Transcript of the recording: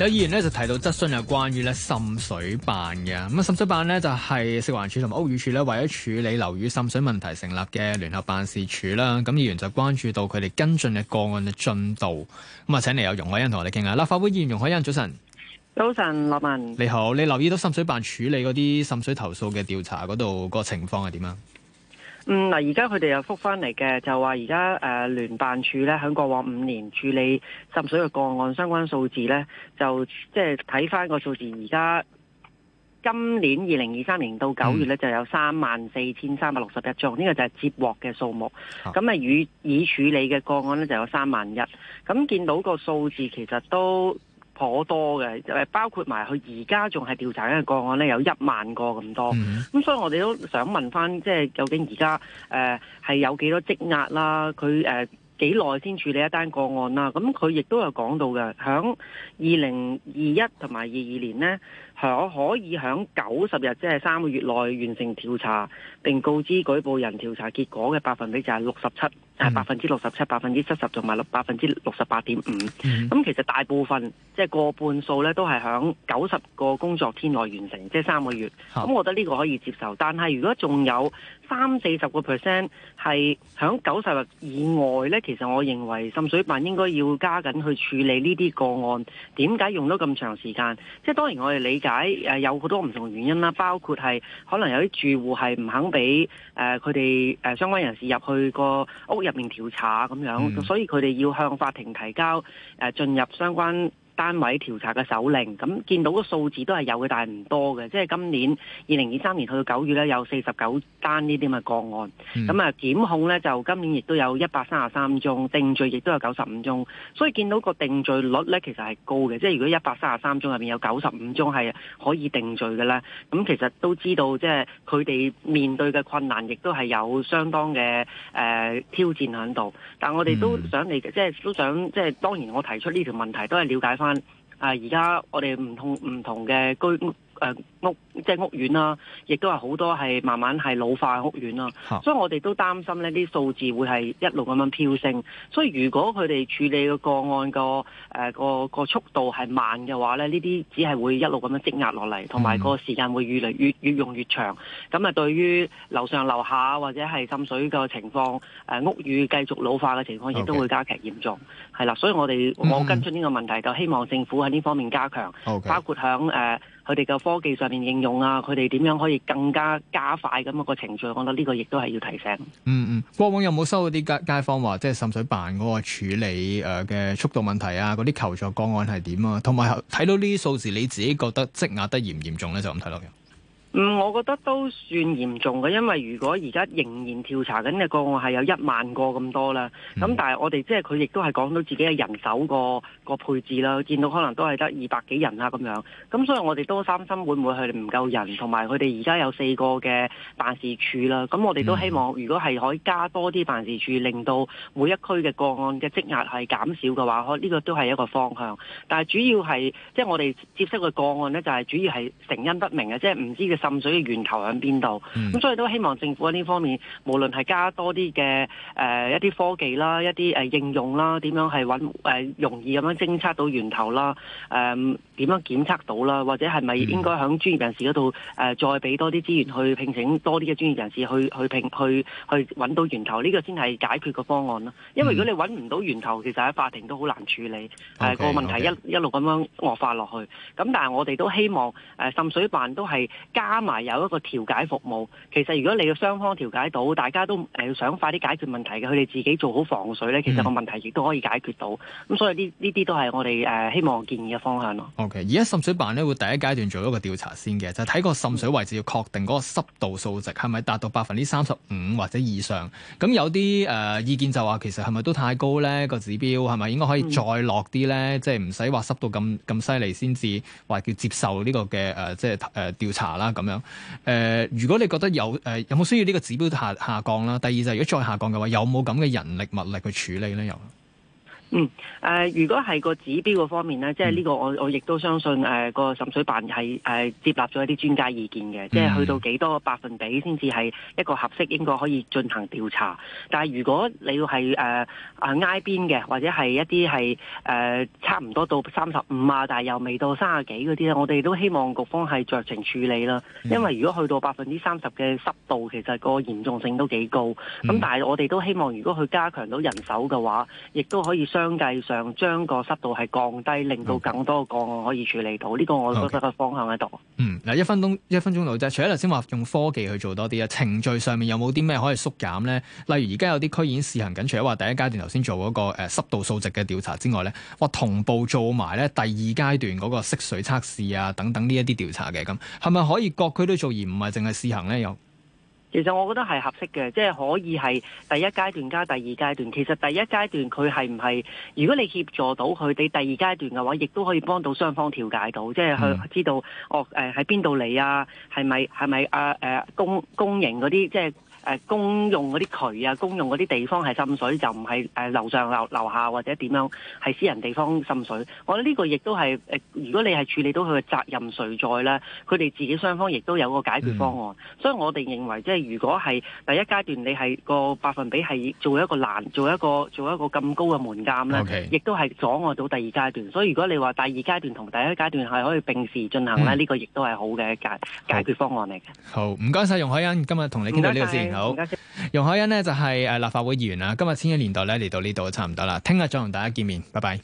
有議員咧就提到質詢，有關於咧滲水辦嘅咁啊，滲水辦咧就係食環署同埋屋宇署咧，為咗處理樓宇滲水問題成立嘅聯合辦事處啦。咁議員就關注到佢哋跟進嘅個案嘅進度。咁啊，請嚟有容海恩同我哋傾下。立法會議員容海恩，早晨。早晨，羅文。你好，你留意到滲水辦處理嗰啲滲水投訴嘅調查嗰度個情況係點啊？嗯，嗱，而家佢哋又覆返嚟嘅，就話而家誒聯辦處咧，響過往五年處理滲水嘅個案相關數字咧，就即係睇翻個數字，而家今年二零二三年到九月咧就有三萬四千三百六十一宗，呢、嗯、個就係接獲嘅數目。咁啊，與已處理嘅個案咧就有三萬一。咁見到個數字其實都。頗多嘅，誒包括埋佢而家仲係調查緊嘅個案咧，有一萬個咁多，咁、嗯、所以我哋都想問翻，即係究竟而家誒係有幾多積壓啦？佢誒幾耐先處理一單個案啦？咁佢亦都有講到嘅，響二零二一同埋二二年咧。我可以響九十日，即係三個月內完成調查並告知舉報人調查結果嘅百分比就係六十七，係百分之六十七，百分之七十同埋六百分之六十八點五。咁、嗯、其實大部分即係、就是、過半數咧，都係響九十個工作天內完成，即係三個月。咁好 我覺得呢個可以接受。但係如果仲有三四十個 percent 係響九十日以外咧，其實我認為滲水辦應該要加緊去處理呢啲個案。點解用咗咁長時間？即係當然我哋理解。解有好多唔同嘅原因啦，包括係可能有啲住戶係唔肯俾誒佢哋誒相關人士入去個屋入面調查咁樣，嗯、所以佢哋要向法庭提交誒進、呃、入相關單位調查嘅手令，咁見到個數字都係有嘅，但係唔多嘅。即係今年二零二三年去到九月咧，有四十九單呢啲咁嘅個案。咁啊、嗯，檢控咧就今年亦都有一百三十三宗，定罪亦都有九十五宗。所以見到個定罪率咧，其實係高嘅。即係如果一百三十三宗入面有九十五宗係可以定罪嘅咧，咁其實都知道，即係佢哋面對嘅困難，亦都係有相當嘅誒、呃、挑戰響度。但係我哋都想你，嗯、即係都想，即係當然我提出呢條問題，都係了解翻。啊！而家我哋唔同唔同嘅居誒、呃，屋即係屋苑啦，亦都係好多係慢慢係老化嘅屋苑啦，啊、所以我哋都擔心呢啲數字會係一路咁樣飆升。所以如果佢哋處理嘅個案、呃、個誒個個速度係慢嘅話咧，呢啲只係會一路咁樣積壓落嚟，同埋個時間會越嚟越越，越用越長。咁啊，對於樓上樓下或者係滲水嘅情況，誒、呃、屋宇繼續老化嘅情況，亦都會加劇嚴重，係啦 Okay.。所以我哋、嗯、我跟進呢個問題，就希望政府喺呢方面加強，Okay. 包括響誒。呃佢哋嘅科技上面應用啊，佢哋點樣可以更加加快咁個程序？我覺得呢個亦都係要提醒嗯。嗯嗯，過往有冇收到啲街街坊話，即係滲水辦嗰個處理誒嘅速度問題啊？嗰啲求助個案係點啊？同埋睇到呢啲數字，你自己覺得積壓得嚴唔嚴重咧？就咁睇落嘅。嗯，我覺得都算嚴重嘅，因為如果而家仍然調查緊嘅個案係有一萬個咁多啦，咁、嗯、但係我哋即係佢亦都係講到自己嘅人手個個配置啦，見到可能都係得二百幾人啊咁樣，咁所以我哋都擔心會唔會佢哋唔夠人，同埋佢哋而家有四個嘅辦事處啦，咁我哋都希望如果係可以加多啲辦事處，令到每一區嘅個案嘅積壓係減少嘅話，呢、呢個都係一個方向。但係主要係即係我哋接觸嘅個案咧，就係主要係成因不明嘅，即係唔知嘅滲水嘅源頭喺邊度？咁、嗯、所以都希望政府喺呢方面，無論係加多啲嘅誒一啲科技啦，一啲誒、呃、應用啦，點樣係揾誒容易咁樣偵測到源頭啦？誒、呃、點樣檢測到啦？或者係咪應該喺專業人士嗰度誒再俾多啲資源去聘請多啲嘅專業人士去去聘去去揾到源頭呢、這個先係解決個方案啦。因為如果你揾唔到源頭，其實喺法庭都好難處理誒個 Okay,、呃、問題一一路咁樣惡化落去。咁但係我哋都希望誒滲、呃、水辦都係加。加埋有一個調解服務，其實如果你嘅雙方調解到，大家都誒想快啲解決問題嘅，佢哋自己做好防水咧，其實個問題亦都可以解決到。咁所以呢呢啲都係我哋誒希望建議嘅方向咯。O K，而家滲水辦咧會第一階段做一個調查先嘅，就睇、係、個滲水位置要確定嗰個濕度數值係咪達到百分之三十五或者以上。咁有啲誒、呃、意見就話其實係咪都太高咧，嗰個指標，係咪應該可以再落啲咧？即係唔使話濕到咁咁犀利先至話叫接受呢、呢個嘅誒即係誒調查啦。咁樣誒、呃，如果你覺得有誒、呃，有冇需要呢個指標下下降啦？第二就係如果再下降嘅話，有冇咁嘅人力物力去處理咧？又？嗯，誒、呃，如果係個指標個方面咧，嗯、即係呢個我我亦都相信誒個滲水辦係誒、呃、接納咗一啲專家意見嘅，嗯、即係去到幾多個百分比先至係一個合適，應該可以進行調查。但係如果你要係誒啊挨邊嘅，或者係一啲係誒差唔多到三十五啊，但係又未到三十幾嗰啲咧，我哋都希望局方係酌情處理啦。嗯、因為如果去到百分之三十嘅濕度，其實個嚴重性都幾高。咁、嗯嗯、但係我哋都希望，如果佢加強到人手嘅話，亦都可以相計上，將個濕度係降低，令到更多個案可以處理到。呢個我覺得個方向喺度。Okay. 嗯，嗱一分鐘一分鐘到啫。除咗頭先話用科技去做多啲啦，程序上面有冇啲咩可以縮減咧？例如而家有啲區已經試行緊，除咗話第一階段頭先做嗰、嗰個濕、呃、濕度數值嘅調查之外咧，我同步做埋咧第二階段嗰個滲水測試啊等等呢一啲調查嘅咁，係咪可以各區都做而唔係淨係試行咧？有。其實我覺得係合適嘅，即、就、係、是、可以係第一階段加第二階段。其實第一階段佢係唔係，如果你協助到佢哋，第二階段嘅話，亦都可以幫到雙方調解到，即係佢知道、嗯、哦誒喺邊度嚟啊？係咪係咪啊誒公公營嗰啲即係。就是誒、呃、公用嗰啲渠啊，公用嗰啲地方係滲水，就唔係誒樓上樓下或者點樣係私人地方滲水。我覺得呢個亦都係誒如果你係處理到佢嘅責任誰在咧，佢哋自己雙方亦都有個解決方案。嗯、所以我哋認為即係如果係第一階段你係個百分比係做一個難做一個做一個咁高嘅門檻咧，亦都係阻礙到第二階段。所以如果你話第二階段同第一階段係可以並時進行咧，呢、嗯、個亦都係好嘅解好解決方案嚟嘅。好，唔該晒，容海恩，今日同你傾到呢個先。好，容海恩咧就係誒立法會議員啦。今日千禧年代咧嚟到呢度差唔多啦，聽日再同大家見面，拜拜。